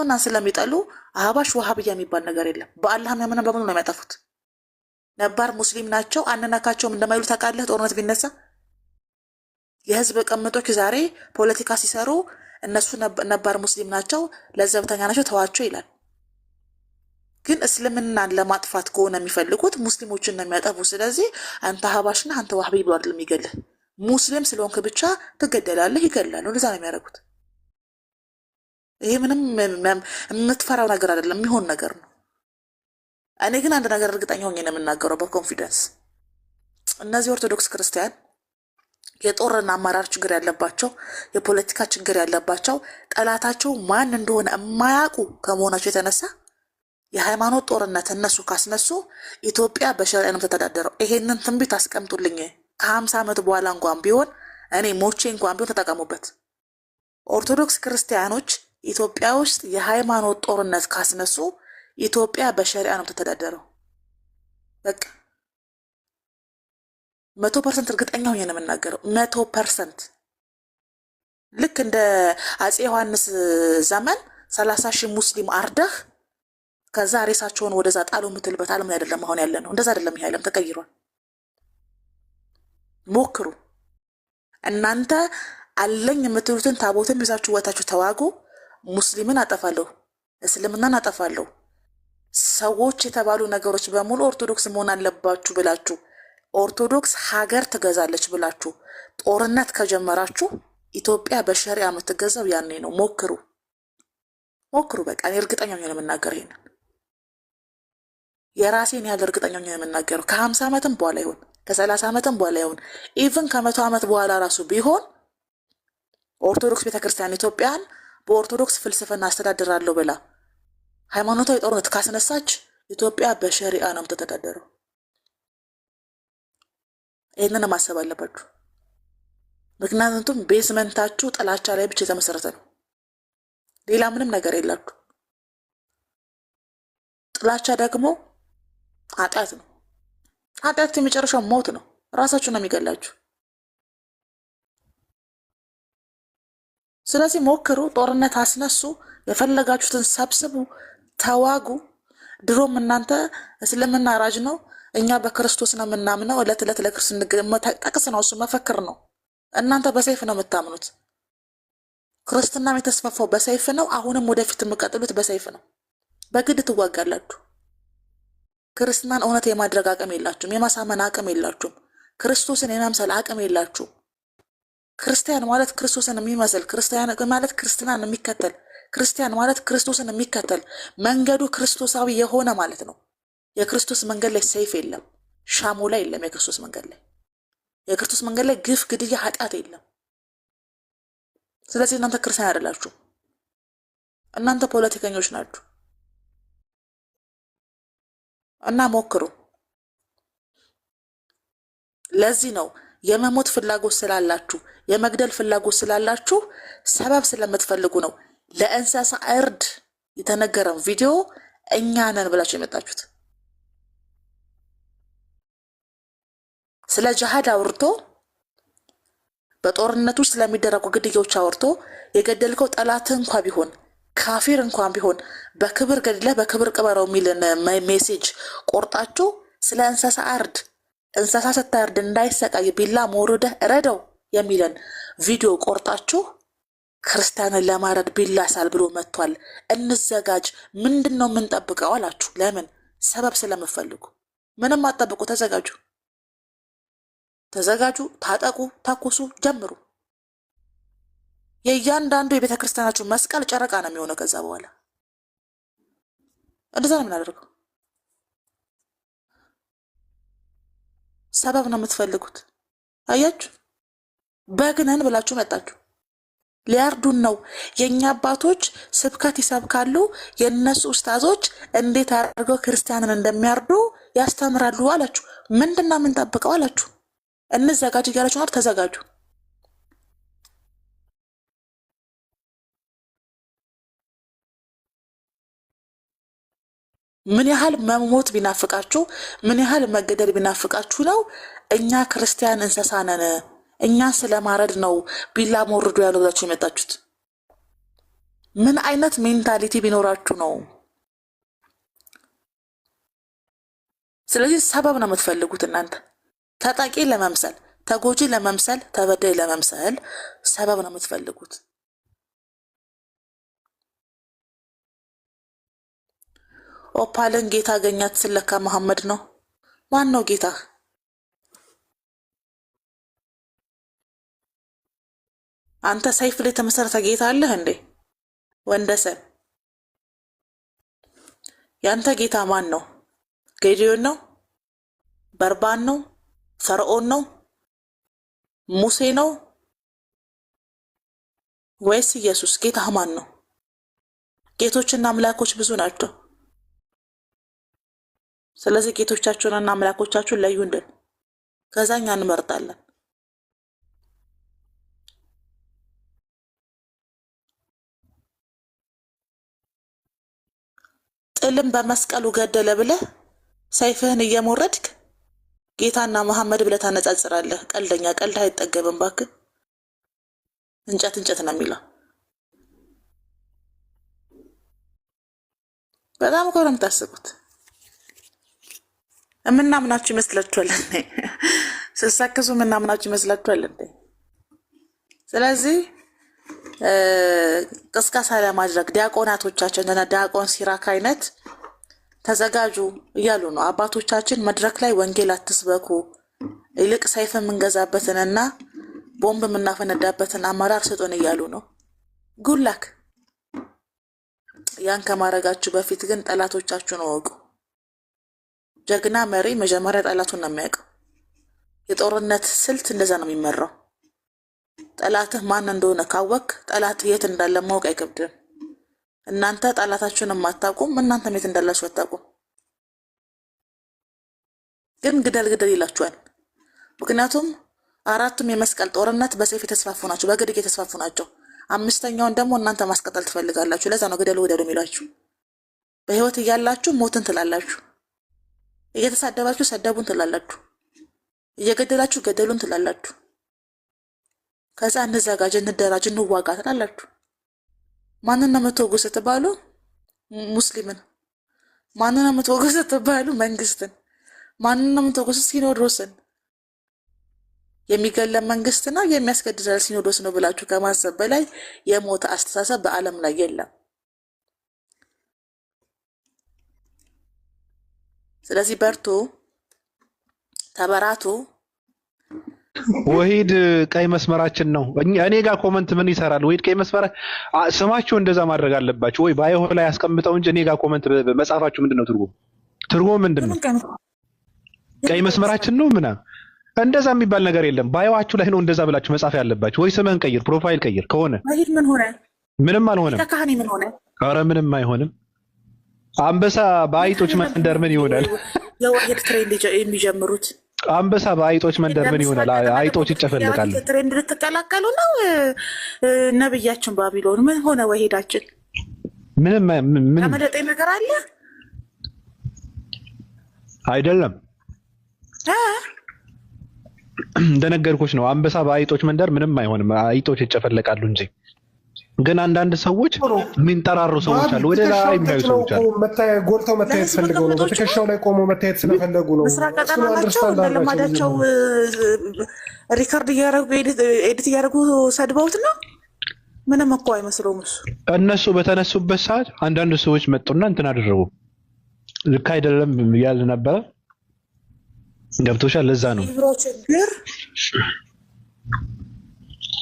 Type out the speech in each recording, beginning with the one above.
እስልምና ስለሚጠሉ አህባሽ ወሃብያ የሚባል ነገር የለም። በአላህ የሚያምን በሙሉ ነው የሚያጠፉት። ነባር ሙስሊም ናቸው አንነካቸውም እንደማይሉ ታውቃለህ። ጦርነት ቢነሳ የህዝብ ቅምጦች ዛሬ ፖለቲካ ሲሰሩ እነሱ ነባር ሙስሊም ናቸው፣ ለዘብተኛ ናቸው፣ ተዋቸው ይላል። ግን እስልምናን ለማጥፋት ከሆነ የሚፈልጉት ሙስሊሞችን ነው የሚያጠፉ። ስለዚህ አንተ አህባሽና አንተ ዋህቢ ብሎ አይደለም የሚገልህ። ሙስሊም ስለሆንክ ብቻ ትገደላለህ፣ ይገላሉ። እንደዛ ነው የሚያደርጉት። ይሄ ምንም የምትፈራው ነገር አይደለም፣ የሚሆን ነገር ነው። እኔ ግን አንድ ነገር እርግጠኛ ሆኜ ነው የምናገረው በኮንፊደንስ እነዚህ ኦርቶዶክስ ክርስቲያን የጦርና አመራር ችግር ያለባቸው የፖለቲካ ችግር ያለባቸው ጠላታቸው ማን እንደሆነ የማያውቁ ከመሆናቸው የተነሳ የሃይማኖት ጦርነት እነሱ ካስነሱ ኢትዮጵያ በሸሪያ ነው ተተዳደረው። ይሄንን ትንቢት አስቀምጡልኝ። ከሀምሳ ዓመት በኋላ እንኳን ቢሆን እኔ ሞቼ እንኳን ቢሆን ተጠቀሙበት። ኦርቶዶክስ ክርስቲያኖች ኢትዮጵያ ውስጥ የሃይማኖት ጦርነት ካስነሱ ኢትዮጵያ በሸሪያ ነው የምትተዳደረው። በቃ መቶ ፐርሰንት እርግጠኛ ሆኜ ነው የምናገረው። መቶ ፐርሰንት ልክ እንደ አፄ ዮሐንስ ዘመን ሰላሳ ሺህ ሙስሊም አርዳህ ከዛ ሬሳቸውን ወደዛ ጣሉ የምትልበት ዓለም አይደለም አሁን ያለ ነው። እንደዛ አይደለም። ይሄ ዓለም ተቀይሯል። ሞክሩ እናንተ አለኝ የምትሉትን ታቦትም ይዛችሁ ወታችሁ ተዋጉ። ሙስሊምን አጠፋለሁ፣ እስልምናን አጠፋለሁ፣ ሰዎች የተባሉ ነገሮች በሙሉ ኦርቶዶክስ መሆን አለባችሁ ብላችሁ ኦርቶዶክስ ሀገር ትገዛለች ብላችሁ ጦርነት ከጀመራችሁ ኢትዮጵያ በሸሪያ የምትገዛው ያኔ ነው። ሞክሩ ሞክሩ። በቃ እኔ እርግጠኛ ነው የምናገር ይሄንን የራሴን ያህል እርግጠኛ ሆኜ ነው የምናገረው። ከሀምሳ ዓመትም በኋላ ይሁን ከሰላሳ ዓመትም በኋላ ይሁን ኢቭን ከመቶ ዓመት በኋላ ራሱ ቢሆን ኦርቶዶክስ ቤተክርስቲያን ኢትዮጵያን በኦርቶዶክስ ፍልስፍና አስተዳድራለሁ ብላ ሃይማኖታዊ ጦርነት ካስነሳች ኢትዮጵያ በሸሪአ ነው የምትተዳደረው። ይህንን ማሰብ አለባችሁ። ምክንያቱም ቤዝመንታችሁ ጥላቻ ላይ ብቻ የተመሰረተ ነው። ሌላ ምንም ነገር የላችሁ። ጥላቻ ደግሞ ኃጢአት ነው። ኃጢአት የመጨረሻው ሞት ነው። ራሳችሁ ነው የሚገላችሁ። ስለዚህ ሞክሩ፣ ጦርነት አስነሱ፣ የፈለጋችሁትን ሰብስቡ፣ ተዋጉ። ድሮም እናንተ እስልምና ራጅ ነው፣ እኛ በክርስቶስ ነው የምናምነው። እለት እለት ለክርስት ጠቅስ ነው፣ እሱ መፈክር ነው። እናንተ በሰይፍ ነው የምታምኑት። ክርስትናም የተስፋፋው በሰይፍ ነው። አሁንም ወደፊት የምቀጥሉት በሰይፍ ነው። በግድ ትዋጋላችሁ። ክርስትናን እውነት የማድረግ አቅም የላችሁም። የማሳመን አቅም የላችሁም። ክርስቶስን የመምሰል አቅም የላችሁም። ክርስቲያን ማለት ክርስቶስን የሚመስል ክርስቲያን ማለት ክርስትናን የሚከተል ክርስቲያን ማለት ክርስቶስን የሚከተል መንገዱ ክርስቶሳዊ የሆነ ማለት ነው። የክርስቶስ መንገድ ላይ ሰይፍ የለም፣ ሻሙላ የለም። የክርስቶስ መንገድ ላይ የክርስቶስ መንገድ ላይ ግፍ፣ ግድያ፣ ኃጢአት የለም። ስለዚህ እናንተ ክርስቲያን አይደላችሁ፣ እናንተ ፖለቲከኞች ናችሁ። እና ሞክሩ። ለዚህ ነው የመሞት ፍላጎት ስላላችሁ፣ የመግደል ፍላጎት ስላላችሁ ሰበብ ስለምትፈልጉ ነው። ለእንስሳ እርድ የተነገረን ቪዲዮ እኛ ነን ብላችሁ የመጣችሁት ስለ ጅሃድ አውርቶ በጦርነት ውስጥ ስለሚደረጉ ግድያዎች አውርቶ የገደልከው ጠላት እንኳ ቢሆን ካፊር እንኳን ቢሆን በክብር ገድለ በክብር ቅበረው የሚልን ሜሴጅ ቆርጣችሁ ስለ እንስሳ እርድ እንስሳ ስታርድ እንዳይሰቃይ ቢላ ሞርደህ ረደው የሚለን ቪዲዮ ቆርጣችሁ ክርስቲያንን ለማረድ ቢላ ሳል ብሎ መጥቷል። እንዘጋጅ። ምንድን ነው የምንጠብቀው አላችሁ። ለምን ሰበብ ስለምፈልጉ ምንም አጠብቁ። ተዘጋጁ፣ ተዘጋጁ፣ ታጠቁ፣ ተኩሱ፣ ጀምሩ። የእያንዳንዱ የቤተ ክርስቲያናችሁ መስቀል ጨረቃ ነው የሚሆነው። ከዛ በኋላ እንደዛ ነው የምናደርገው። ሰበብ ነው የምትፈልጉት። አያችሁ፣ በግነን ብላችሁ መጣችሁ። ሊያርዱን ነው። የእኛ አባቶች ስብከት ይሰብካሉ። የእነሱ ኡስታዞች እንዴት አድርገው ክርስቲያንን እንደሚያርዱ ያስተምራሉ አላችሁ። ምንድና ምን ጠብቀው አላችሁ። እንዘጋጅ እያላችሁ ተዘጋጁ። ምን ያህል መሞት ቢናፍቃችሁ፣ ምን ያህል መገደል ቢናፍቃችሁ ነው እኛ ክርስቲያን እንስሳ ነን፣ እኛ ስለማረድ ነው ቢላ ሞርዶ ያሉ ብላችሁ የመጣችሁት? ምን አይነት ሜንታሊቲ ቢኖራችሁ ነው? ስለዚህ ሰበብ ነው የምትፈልጉት እናንተ ተጠቂ ለመምሰል፣ ተጎጂ ለመምሰል፣ ተበዳይ ለመምሰል ሰበብ ነው የምትፈልጉት። ኦፓልን ጌታ አገኛት ስለካ መሐመድ ነው። ማን ነው ጌታ? አንተ ሰይፍ ላይ የተመሰረተ ጌታ አለህ እንዴ? ወንደሰን ያንተ ጌታ ማን ነው? ጌዲዮን ነው? በርባን ነው? ፈርዖን ነው? ሙሴ ነው ወይስ ኢየሱስ? ጌታ ማን ነው? ጌቶችና አምላኮች ብዙ ናቸው። ስለዚህ ጌቶቻችሁንና አምላኮቻችሁን ለዩንድን ከዛ እኛ እንመርጣለን። ጥልም በመስቀሉ ገደለ ብለህ ሰይፍህን እየሞረድክ ጌታና መሐመድ ብለህ ታነጻጽራለህ። ቀልደኛ፣ ቀልድ አይጠገብም እባክህ። እንጨት እንጨት ነው የሚለው። በጣም እኮ ነው የምታስቡት። የምናምናችሁ ይመስላችኋል እንዴ? ስሳከሱ የምናምናችሁ ይመስላችኋል እንዴ? ስለዚህ ቅስቀሳ ለማድረግ ዲያቆናቶቻችን እና ዲያቆን ሲራክ አይነት ተዘጋጁ እያሉ ነው አባቶቻችን። መድረክ ላይ ወንጌል አትስበኩ፣ ይልቅ ሰይፍ የምንገዛበትንና ቦምብ የምናፈነዳበትን አመራር ስጡን እያሉ ነው። ጉላክ ያን ከማድረጋችሁ በፊት ግን ጠላቶቻችሁን እወቁ። ጀግና መሪ መጀመሪያ ጠላቱን ነው የሚያውቀው። የጦርነት ስልት እንደዛ ነው የሚመራው። ጠላትህ ማን እንደሆነ ካወቅ ጠላት የት እንዳለ ማወቅ አይከብድም። እናንተ ጠላታችሁን አታውቁም፣ እናንተም የት እንዳላችሁ አታውቁም። ግን ግደል ግደል ይላችኋል። ምክንያቱም አራቱም የመስቀል ጦርነት በሰይፍ የተስፋፉ ናቸው፣ በግድግ የተስፋፉ ናቸው። አምስተኛውን ደግሞ እናንተ ማስቀጠል ትፈልጋላችሁ። ለዛ ነው ግደሉ ግደሉ የሚላችሁ። በህይወት እያላችሁ ሞትን ትላላችሁ። እየተሳደባችሁ ሰደቡን ትላላችሁ፣ እየገደላችሁ ገደሉን ትላላችሁ። ከዛ እንዘጋጅ፣ እንደራጅ፣ እንዋጋ ትላላችሁ። ማንን ነው የምትወጉ ስትባሉ ሙስሊምን። ማንን ነው የምትወጉ ስትባሉ መንግስትን። ማንን ነው የምትወጉ ሲኖዶስን። የሚገለም መንግስት ነው የሚያስገድዳል ሲኖዶስ ነው ብላችሁ ከማሰብ በላይ የሞተ አስተሳሰብ በዓለም ላይ የለም። ስለዚህ በርቱ፣ ተበራቱ። ወሂድ ቀይ መስመራችን ነው። እኔ ጋር ኮመንት ምን ይሰራል? ወሂድ ቀይ መስመራ ስማችሁ እንደዛ ማድረግ አለባችሁ ወይ ባይሆ ላይ ያስቀምጠው እንጂ እኔ ጋር ኮመንት መጻፋችሁ ምንድን ነው ትርጉም ትርጉሙ ምንድን ነው? ቀይ መስመራችን ነው ምና እንደዛ የሚባል ነገር የለም። ባዮዋችሁ ላይ ነው እንደዛ ብላችሁ መጻፍ ያለባችሁ። ወይ ስምህን ቀይር፣ ፕሮፋይል ቀይር ከሆነ ምን ሆነ? ምንም አልሆነም። ኧረ ምንም አይሆንም። አንበሳ በአይጦች መንደር ምን ይሆናል? የዋህድ ትሬንድ የሚጀምሩት አንበሳ በአይጦች መንደር ምን ይሆናል? አይጦች ይጨፈልቃሉ። ትሬንድ ልትቀላቀሉ ነው? ነብያችን ባቢሎን ምን ሆነ? ወሄዳችን ምንም ምን ነገር አለ አይደለም። እንደነገርኩሽ ነው። አንበሳ በአይጦች መንደር ምንም አይሆንም። አይጦች ይጨፈለቃሉ እንጂ ግን አንዳንድ ሰዎች የሚንጠራሩ ሰዎች አሉ። ወደ ላይ የሚያዩ ሰዎች አሉ። ጎልተው መታየት ፈልገው ነው። በትከሻው ላይ ቆሞ መታየት ስለፈለጉ ነው። ምስራቅ ቀጠና ናቸው። ሪከርድ ኤዲት እያደረጉ ሰድበውት ነው። ምንም እኮ አይመስለውም እሱ። እነሱ በተነሱበት ሰዓት አንዳንድ ሰዎች መጡና እንትን አደረጉ። ልክ አይደለም እያል ነበረ። ገብቶሻል? ለዛ ነው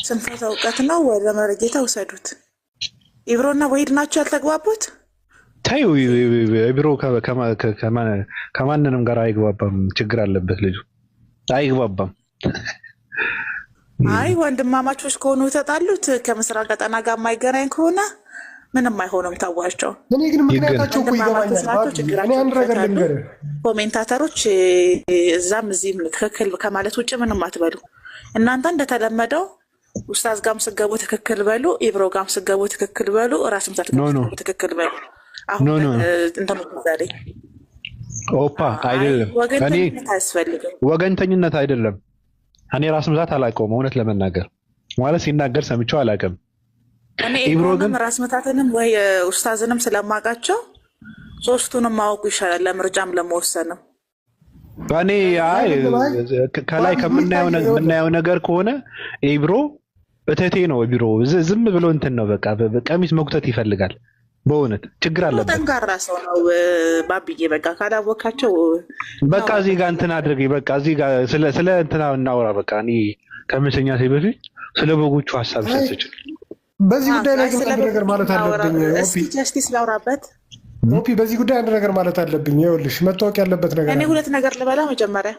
ስንፈት እውቀት ነው። ወደ መረጌታ ውሰዱት። ኢብሮና ወሂድ ናቸው ያልተግባቡት። ታዩ ኢብሮ ከማንንም ጋር አይግባባም። ችግር አለበት ልጁ አይግባባም። አይ ወንድማማቾች ከሆኑ የተጣሉት ከምስራ ቀጠና ጋር የማይገናኝ ከሆነ ምንም አይሆንም። ታዋቸው እኔ ግን ምክንያታቸው እኮ ይገባኛል። ኮሜንታተሮች እዛም እዚህም ትክክል ከማለት ውጭ ምንም አትበሉ እናንተ እንደተለመደው ኡስታዝ ጋም ስገቡ ትክክል በሉ፣ ኢብሮ ጋም ስገቡ ትክክል በሉ፣ ራስ ምታት ትክክል በሉ። አሁን እንተመዛሌ ኦፓ አይደለም፣ ወገንተኝነት አያስፈልግም። ወገንተኝነት አይደለም። እኔ ራስ ምታት አላውቀውም፣ እውነት ለመናገር ማለት ሲናገር ሰምቼው አላውቅም። እኔ ኢብሮንም ራስ ምታትንም ወይ ኡስታዝንም ስለማውቃቸው ሶስቱንም ማወቁ ይሻላል ለምርጫም ለመወሰንም እኔ ከላይ ከምናየው ነገር ከሆነ ኤብሮ እተቴ ነው። ቢሮ ዝም ብሎ እንትን ነው በቃ ቀሚስ መጉተት ይፈልጋል። በእውነት ችግር አለበት። ጠንካራ ሰው ነው ባብዬ። በቃ ካላወካቸው በቃ እዚህ ጋር እንትን አድርግ። በቃ እዚህ ጋር ስለ እንትና እናውራ። በቃ እኔ ከመተኛ ሴ በፊት ስለ በጎቹ ሀሳብ ሰጥችል በዚህ ጉዳይ ላይ ነገር ማለት አለብኝ። ጀስቲስ ላውራበት ኦፒ በዚህ ጉዳይ አንድ ነገር ማለት አለብኝ። ይኸውልሽ መታወቅ ያለበት ነገር እኔ ሁለት ነገር ልበላ። መጀመሪያ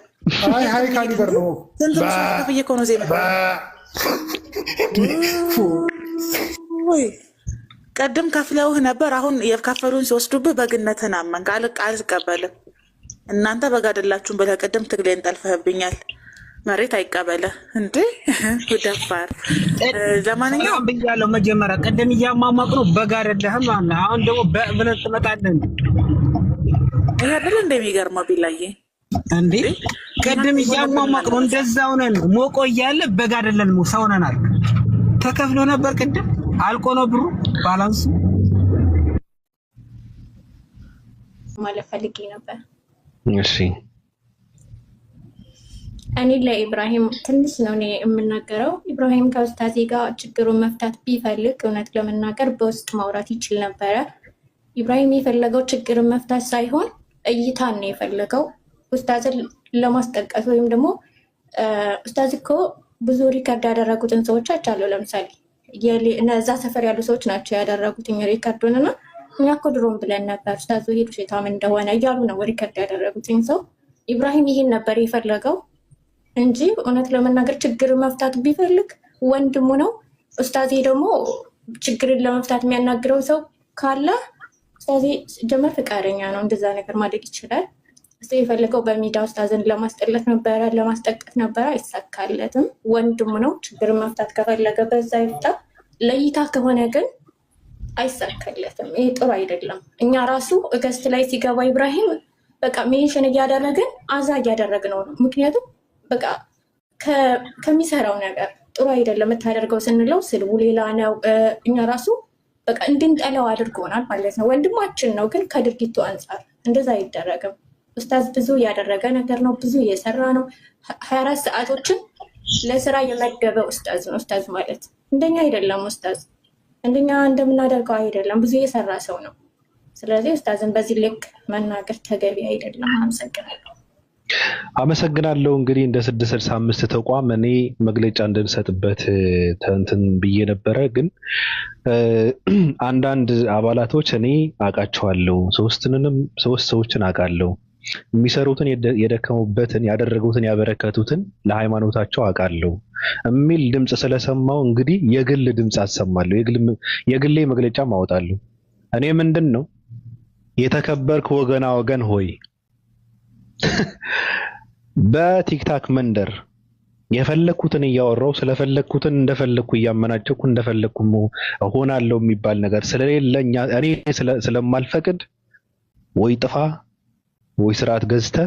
አይ ሀይ ካሊበር ነው ቅድም ከፍለውህ ነበር። አሁን የከፈሉን ሲወስዱብህ በግነትህን አመንክ። አልቀበልም። እናንተ በጋደላችሁን ብለህ ቅድም ትግሌን ጠልፈህብኛል። መሬት አይቀበለ እንዴ ደፋር። ለማንኛውም ብያለው መጀመሪያ ቀደም እያሟሟቅ ነው። በግ አለ። አሁን ደግሞ በእብለን ትመጣለን። ይህ አይደል እንደሚገርመው ቢላየ እንዴ ቀደም እያሟሟቅ ነው። እንደዛ ሆነን ሞቆ እያለ በግ አይደለን ሰው ሆነናል። ተከፍሎ ነበር ቅድም አልቆ ነው ብሩ ባላንሱ ማለት ፈልጌ ነበር። እሺ እኔ ለኢብራሂም ትንሽ ነው እኔ የምናገረው። ኢብራሂም ከውስታዜ ጋር ችግሩን መፍታት ቢፈልግ እውነት ለመናገር በውስጥ ማውራት ይችል ነበረ። ኢብራሂም የፈለገው ችግርን መፍታት ሳይሆን እይታን ነው የፈለገው። ውስታዝን ለማስጠቀስ ወይም ደግሞ ውስታዝ እኮ ብዙ ሪከርድ ያደረጉትን ሰዎች አይቻለሁ። ለምሳሌ እነዛ ሰፈር ያሉ ሰዎች ናቸው ያደረጉት ሪከርዱን እና እኛ እኮ ድሮም ብለን ነበር ውስታዙ ሄዱ ሴታም እንደሆነ እያሉ ነው ሪከርድ ያደረጉትኝ ሰው። ኢብራሂም ይህን ነበር የፈለገው። እንጂ እውነት ለመናገር ችግር መፍታት ቢፈልግ ወንድሙ ነው። ኡስታዜ ደግሞ ችግርን ለመፍታት የሚያናግረው ሰው ካለ ኡስታዜ ጀመር ፈቃደኛ ነው፣ እንደዛ ነገር ማድረግ ይችላል። እሱ የፈለገው በሜዳ ኡስታዝን ለማስጠለት ነበረ፣ ለማስጠቀት ነበረ፣ አይሳካለትም። ወንድሙ ነው። ችግርን መፍታት ከፈለገ በዛ ይፍታ። ለይታ ከሆነ ግን አይሳካለትም። ይህ ጥሩ አይደለም። እኛ ራሱ እገስት ላይ ሲገባ ኢብራሂም በቃ ሜንሽን እያደረግን አዛ እያደረግ ነው ምክንያቱም በቃ ከሚሰራው ነገር ጥሩ አይደለም የምታደርገው ስንለው ስልቡ ሌላ ነው። እኛ ራሱ በቃ እንድንጠለው አድርጎናል ማለት ነው። ወንድማችን ነው፣ ግን ከድርጊቱ አንጻር እንደዛ አይደረግም። ኡስታዝ ብዙ ያደረገ ነገር ነው፣ ብዙ እየሰራ ነው። ሀያ አራት ሰዓቶችን ለስራ የመደበ ኡስታዝ ነው። ኡስታዝ ማለት እንደኛ አይደለም። ኡስታዝ እንደኛ እንደምናደርገው አይደለም። ብዙ እየሰራ ሰው ነው። ስለዚህ ኡስታዝን በዚህ ልክ መናገር ተገቢ አይደለም። አመሰግናለሁ። አመሰግናለሁ እንግዲህ እንደ ስድስት ስልሳ አምስት ተቋም እኔ መግለጫ እንድንሰጥበት ተንትን ብዬ ነበረ። ግን አንዳንድ አባላቶች እኔ አውቃቸዋለሁ፣ ሶስትንንም ሶስት ሰዎችን አውቃለሁ። የሚሰሩትን የደከሙበትን ያደረጉትን ያበረከቱትን ለሃይማኖታቸው አውቃለሁ የሚል ድምፅ ስለሰማው እንግዲህ የግል ድምፅ አሰማለሁ፣ የግሌ መግለጫ አወጣለሁ። እኔ ምንድን ነው የተከበርክ ወገና ወገን ሆይ በቲክታክ መንደር የፈለግኩትን እያወራው ስለፈለግኩትን እንደፈለግኩ እያመናጨኩ እንደፈለግኩ ሆናለው የሚባል ነገር ስለሌለኛ እኔ ስለማልፈቅድ ወይ ጥፋ ወይ ስርዓት ገዝተ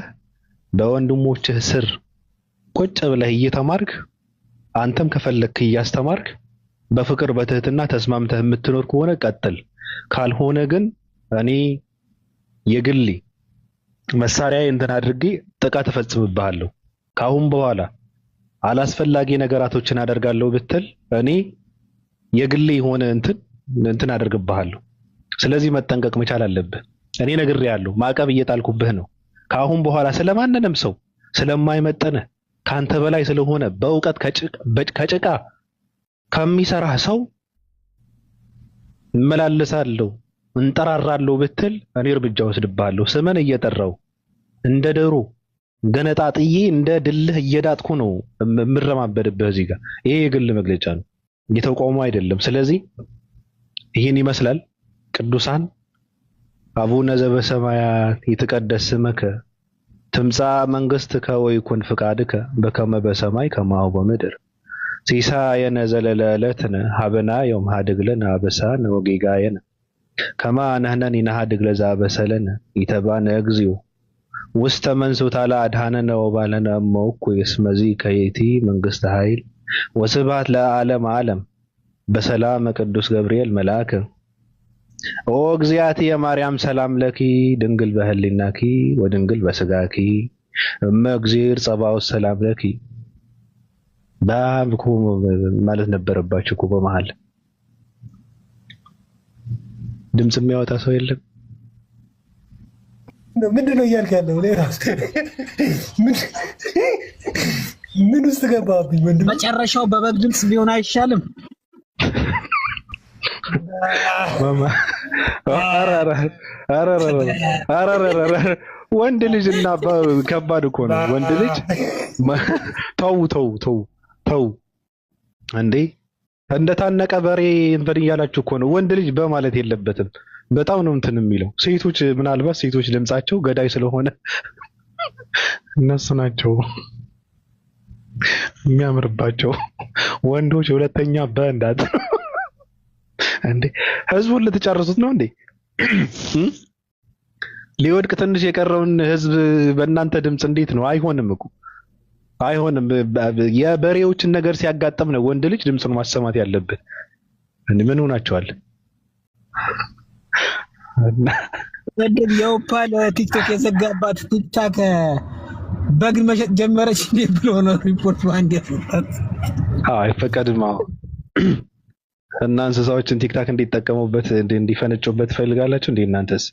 በወንድሞችህ ስር ቁጭ ብለህ እየተማርክ አንተም ከፈለግክ እያስተማርክ በፍቅር በትህትና ተስማምተህ የምትኖር ከሆነ ቀጥል። ካልሆነ ግን እኔ የግሌ መሳሪያ እንትን አድርጌ ጥቃት እፈጽምብሃለሁ። ካሁን በኋላ አላስፈላጊ ነገራቶችን አደርጋለሁ ብትል እኔ የግሌ የሆነ እንትን እንትን አደርግብሃለሁ። ስለዚህ መጠንቀቅ መቻል አለብህ። እኔ ነግሬሃለሁ፣ ማዕቀብ እየጣልኩብህ ነው። ካሁን በኋላ ስለማንንም ሰው ስለማይመጠነ ካንተ በላይ ስለሆነ በእውቀት ከጭቃ ከሚሰራህ ሰው እመላለሳለሁ እንጠራራለሁ ብትል እኔ እርምጃ ወስድብሃለሁ። ስምን እየጠራው እንደ ዶሮ ገነጣጥዬ እንደ ድልህ እየዳጥኩ ነው የምረማበድብህ። እዚህ ጋር ይሄ የግል መግለጫ ነው፣ እየተቋሙ አይደለም። ስለዚህ ይህን ይመስላል። ቅዱሳን አቡነ ዘበሰማያት ይትቀደስ ስምከ ትምጻእ መንግሥትከ ወይኩን ፍቃድከ በከመ በሰማይ ከማሁ በምድር ሲሳየነ ዘለለዕለትነ ሀበና ዮም ኀድግ ለነ አበሳነ ወጌጋየነ ከማ ነህነን ይናሃድግ ለዛ በሰለነ ኢተባነ እግዚኡ ውስተ መንሱታላ አድሃነነ ወባለነ እመ እኩይ እስመዚ ከየቲ መንግሥተ ኃይል ወስብሐት ለዓለም ዓለም በሰላም ቅዱስ ገብርኤል መልአክ ኦ እግዚአትየ የማርያም ሰላም ለኪ ድንግል በህሊናኪ ወድንግል በስጋኪ እመ እግዚር ጸባኦት ሰላም ለኪ ማለት ነበረባችሁ እኮ በመሃል ድምፅ የሚያወጣ ሰው የለም። ምንድን ነው እያልክ ያለው? ምን ውስጥ ገባብኝ? መጨረሻው በበግ ድምፅ ቢሆን አይሻልም? ወንድ ልጅ እና ከባድ እኮ ነው። ወንድ ልጅ ተው ተው ተው ተው እንዴ እንደ ታነቀ በሬ እንትን እያላችሁ እኮ ነው። ወንድ ልጅ በማለት የለበትም። በጣም ነው እንትን የሚለው። ሴቶች ምናልባት ሴቶች ድምጻቸው ገዳይ ስለሆነ እነሱ ናቸው የሚያምርባቸው። ወንዶች ሁለተኛ በእንዳት እንዴ ህዝቡን ልትጨርሱት ነው እንዴ? ሊወድቅ ትንሽ የቀረውን ህዝብ በእናንተ ድምፅ እንዴት ነው? አይሆንም እኮ አይሆንም። የበሬዎችን ነገር ሲያጋጥም ነው ወንድ ልጅ ድምፁን ማሰማት ያለብን። ምን ሆናቸዋል? ወንድም የኦፓል ቲክቶክ የዘጋባት ቲክታክ በግን መሸጥ ጀመረች እንዴ ብሎ ነው ሪፖርት በአንድ ያስወጣት። አይፈቀድም እና እንስሳዎችን ቲክታክ እንዲጠቀሙበት እንዲፈነጩበት ትፈልጋላችሁ እንዴ እናንተስ?